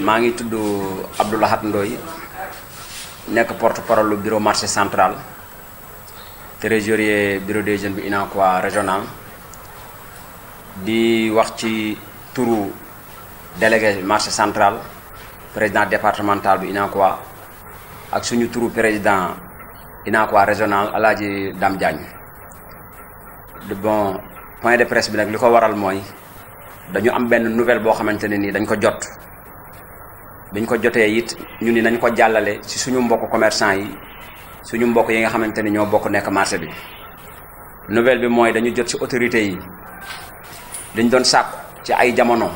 mangi ngi tudd Abdoulahat ndoy nekk porte parole bureau marché central trésorier bureau des jeunes bu UNACOIS régional di wax ci turu délégué marché central président départemental bu UNACOIS ak suñu turu président UNACOIS régional aladji Dam Diagne bon point de presse bi nak liko waral moy dañu am ben nouvelle bo xamanteni ni dañ ko jot biñ ko jotee it ñu ni nañ ko jàllale ci suñu mbokk commerçant yi suñu mbokk yi nga xamante ni ñoo bokk nekk marché bi nouvelle bi mooy dañu jot ci autorité yi dañ doon sàkku ci ay jamono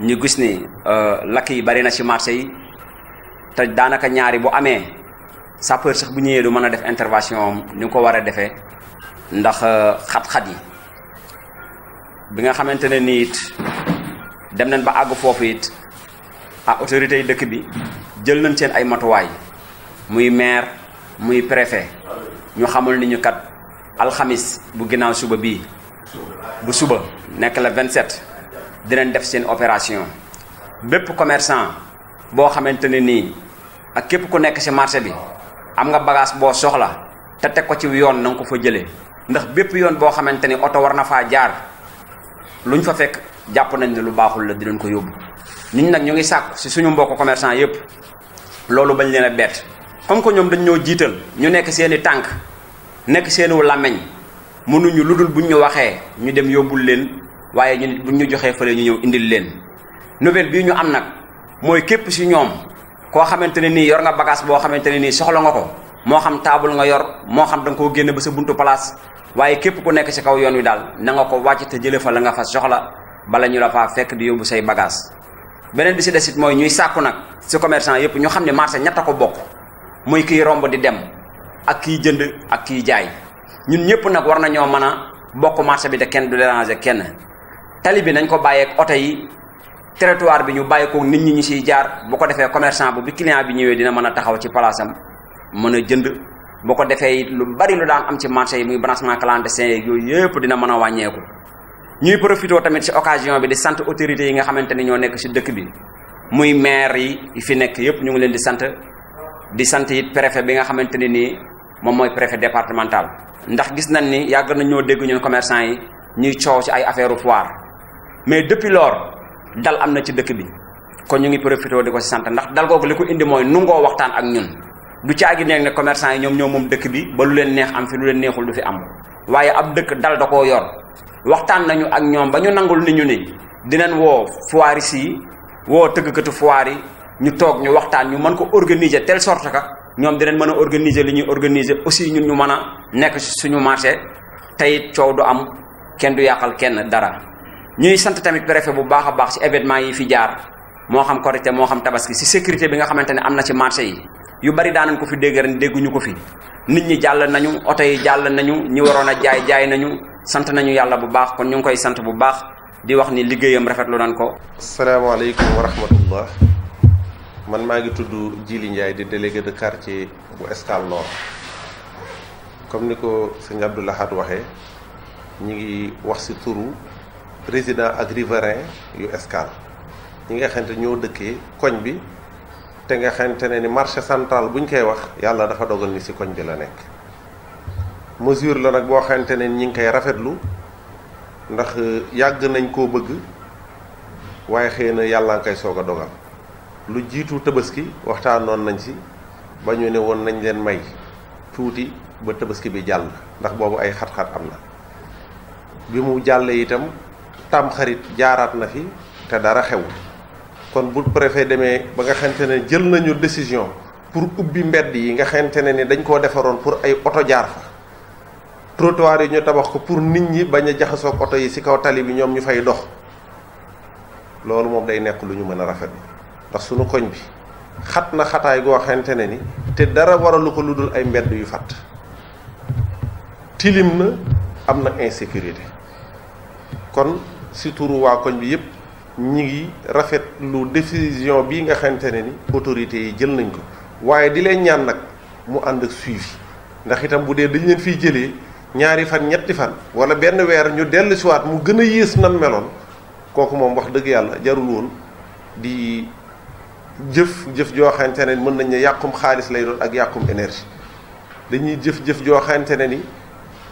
ñu gis ni euh, lakk yi bari na ci marché yi te daanaka ñaari bu amee sapeur sax bu ñëwee du mën a def intervention am ni ko war a defee ndax euh, xat-xat yi bi nga xamante ne it dem nañ ba àgg foofu it A ah, autorité yi dëkk bi jël nañ seen ay matuwaay muy maire muy préfet ñu xamul ni ñu kat alxamis bu ginnaaw suba bii bu suba nekk la 27 dinañ def seen opération bépp commerçant boo xamante ni ak képp ku nekk ci marché bi am nga bagage boo soxla te teg ko ci yoon na ko fa jëlee ndax bépp yoon boo xamante ni oto war na faa jaar luñ fa fekk jàpp nañ ne lu baaxul la dinañ ko yóbbu nit nak ñu ngi sàkku ci suñu mbokk commerçant yépp loolu bañ leen a bett comme que ñoom dañ ñoo jiital ñu nekk seeni tànk nekk seeniwu làmmeñ mënuñu ludul buñ ñu waxee ñu dem yóbbul leen waaye ñu buñ ñu joxee fële ñu ñëw indil leen nouvelle bi ñu am nag mooy képp si ñoom koo xamante ne yor nga bagage boo xamante ne nii soxla nga ko moo xam table nga yor moo xam da nga koo ba sa buntu place waaye képp ku nekk si kaw yoon wi daal na nga ko wàcc te jëlee fa la nga fa soxla bala ñu la faa fekk di yóbbu say bagage benen bi ci desit moy ñuy sakku nak ci commerçant yépp ñu xamné marché ñett ko bok moy ki romb di dem ak ki jënd ak ki jaay ñun ñëpp nak war nañu mëna bok marché bi de kenn du déranger kenn tali bi nañ ko ak auto yi territoire bi ñu bayé ko nit ñi ñi ci jaar bu ko défé commerçant bu bi client bi ñëwé dina mëna taxaw ci place am mëna jënd bu ko défé lu bari lu daan am ci marché yi muy branchement clandestin yoy yépp dina mëna wañéku ñuy profité tamit si occasion bi di sant autorités yi nga xamante ni ñoo nekk ci dëkk bi muy maire yi fi nekk yépp ñu ngi leen di sant di sant it préfet bi nga xamante ne nii moom mooy préfet départemental. ndax gis nañ ni yàgg nañ ñoo dégg ñun commerçant yi ñuy coow si ay affaire foire mais dëppi lors dal am na ci dëkk bi kon ñu ngi profité di ko ci sant ndax dal googu li ko indi mooy nungoo waxtaan ak ñun du caagi nekk ne commerçant yi ñoom ñoom moom dëkk bi ba lu leen am fi lu leen neexul du fi am waaye ab dëkk dal da koo yor. waxtaan nañu ak ñoom ba ñu nangul ni ñu ni dinañ woo foiris yi woo tëggkatu foire yi ñu toog ñu waxtaan ñu mën ko organiser telle sorte que ñoom dinañ mën a organiser li ñuy organiser aussi ñun ñu mën a nekk suñu marché tey coow du am kenn du yàqal kenn dara ñuy sant tamit préfet bu baax a baax ci événement yi fi jaar moo xam korité moo xam tabaski si sécurité bi nga xamante ne am na ci marché yi yu bari daanañ ko fi dégg ren dégguñu ko fi nit ñi jàll nañu a jaay jaay nañu sant nañu yàlla bu baax kon ñu ngi koy sant bu baax di wax ni liggéeyam lu nan ko. salaamaaleykum wa rahmatullah man maa ngi tudd jili Ndiaye di délégué de quartier bu Escale Nord comme ni ko sëñ Abdou Lahad waxee ñu ngi wax ci turu président ak riverain yu Escale ñi nga xamante ñoo dëkkee koñ bi te nga xamante ne ni marché central buñ koy wax yàlla dafa dogal ni ci koñ bi la nekk. mesure la nag boo xamante ne ñi ngi koy rafetlu ndax euh, yàgg nañ koo bëgg waaye xëy na yàlla nga koy soog a dogal lu jiitu tabaski waxtaanoon nañ si ba ñu ne woon nañ leen may tuuti ba tabaski bi jàll ndax boobu ay xat-xat am na bi mu jàllee itam tamxarit jaaraat na fi te dara xew kon bu préfet demee ba nga xamante ne jël nañu décision pour ubbi mbedd yi nga xamante ne ni dañ koo defaroon pour ay oto jaar fa trottoir yi ñu tabax ko pour nit ñi bañ a jaxasoo oto yi ci kaw tali bi ñoom ñu fay dox loolu moom day nekk lu ñu mën rafet ndax suñu koñ bi xat na xataay goo xamante ne ni te dara waralu ko lu dul ay mbedd yu fàtt tilim na insécurité kon si turu waa koñ bi yépp ñi ngi rafet lu décision bii nga xamante ne ni autorité yi jël nañ ko waaye di leen ñaan nag mu ànd ak suivi ndax itam bu dee dañ leen fiy jëlee ñaari fan ñetti fan wala benn weer ñu dellu siwaat mu gën a yées nam meloon kooku moom wax dëgg yàlla jarul woon di jëf jëf joo xamante ne mën nañ ne yàqum xaalis lay doon ak yàqum énergie dañuy jëf jëf joo xamante ne ni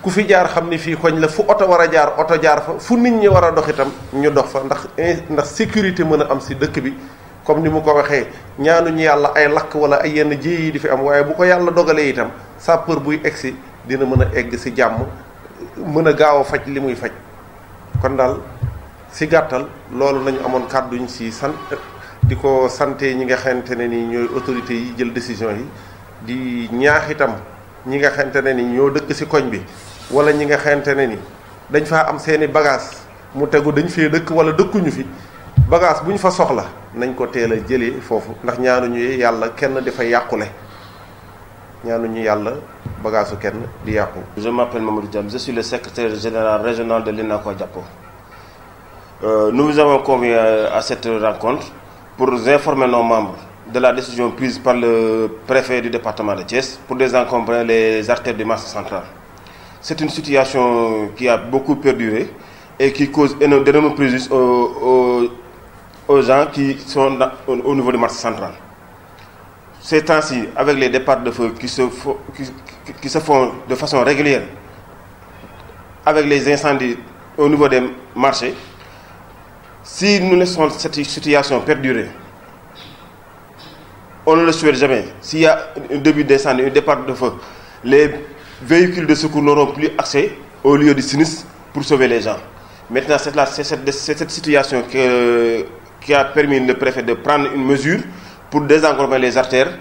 ku fi jaar xam ni fii koñ la fu oto war a jaar oto jaar fa fu nit ñi war a dox itam ñu dox fa ndax ndax sécurité mën a am si dëkk bi comme ni mu ko waxee ñaanuñu yàlla ay lakk wala ay yenn ji yi di fi am waaye bu ko yàlla dogalee itam sapeur buy egsi dina mën a egg si jàmm mën a gaaw a faj li muy faj kon daal si gàttal loolu nañu amoon kàdduñ si sant di ko santé ñi nga xamante ne ni ñooy autorités yi jël décision yi di ñaax itam ñi nga xamante ne ni ñoo dëkk si koñ bi wala ñi nga xamante ne ni dañ faa am seeni bagage mu tegu dañ fee dëkk wala dëkkuñu fi bagage bu ñu fa soxla nañ ko teel a jëlee foofu ndax ñaanuñu yàlla kenn dafa yàqule je m'appelle Mamadou Diam je suis le secrétaire général régional de l'INACO Diapo. Euh, nous vous avons convié à cette rencontre pour informer nos membres de la décision prise par le préfet du département de Thiès pour désencombrer les artères du marché central. C'est une situation qui a beaucoup perduré et qui cause énormément de préjudice aux, gens qui sont au niveau du marché central. Ces temps-ci, avec les départs de feu qui se, font, de façon régulière, avec les incendies au niveau des marchés, si nous laissons cette situation perdurer, on ne le souhaite jamais. S'il y a un début d'incendie, un départ de feu, les véhicules de secours n'auront plus accès au lieu du sinistre pour sauver les gens. Maintenant, c'est cette, situation qui a permis le préfet de prendre une mesure pour désengorger les artères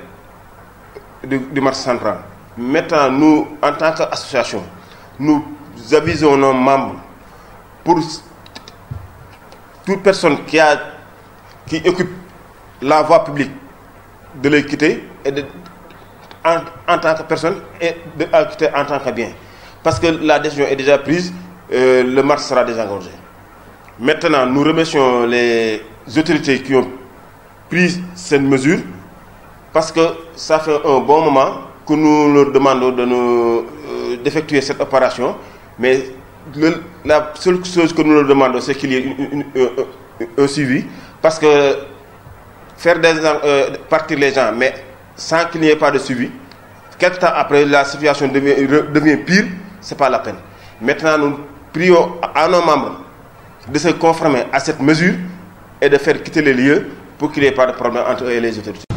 du, marché central. Maintenant, nous, en tant qu'association, nous avisons nos membres pour toute personne qui, a, qui occupe la voie publique de les quitter et de, en, tant que personne et de en tant que bien. Parce que la décision est déjà prise, euh, le marché sera désengorgé. Maintenant, nous remercions les autorités qui ont cette mesure parce que ça fait un bon moment que nous leur demandons d'effectuer nous euh, d'effectuer cette opération, mais la seule chose que nous leur demandons, c'est qu'il y ait un suivi, parce que faire euh, partir les gens, mais sans qu'il n'y ait pas de suivi, quelques temps après, la situation devient, pire, c'est pas la peine. Maintenant, nous prions à nos membres de se conformer à cette mesure et de faire quitter les lieux pour qu'il n'y ait pas de problème entre eux et les autorités.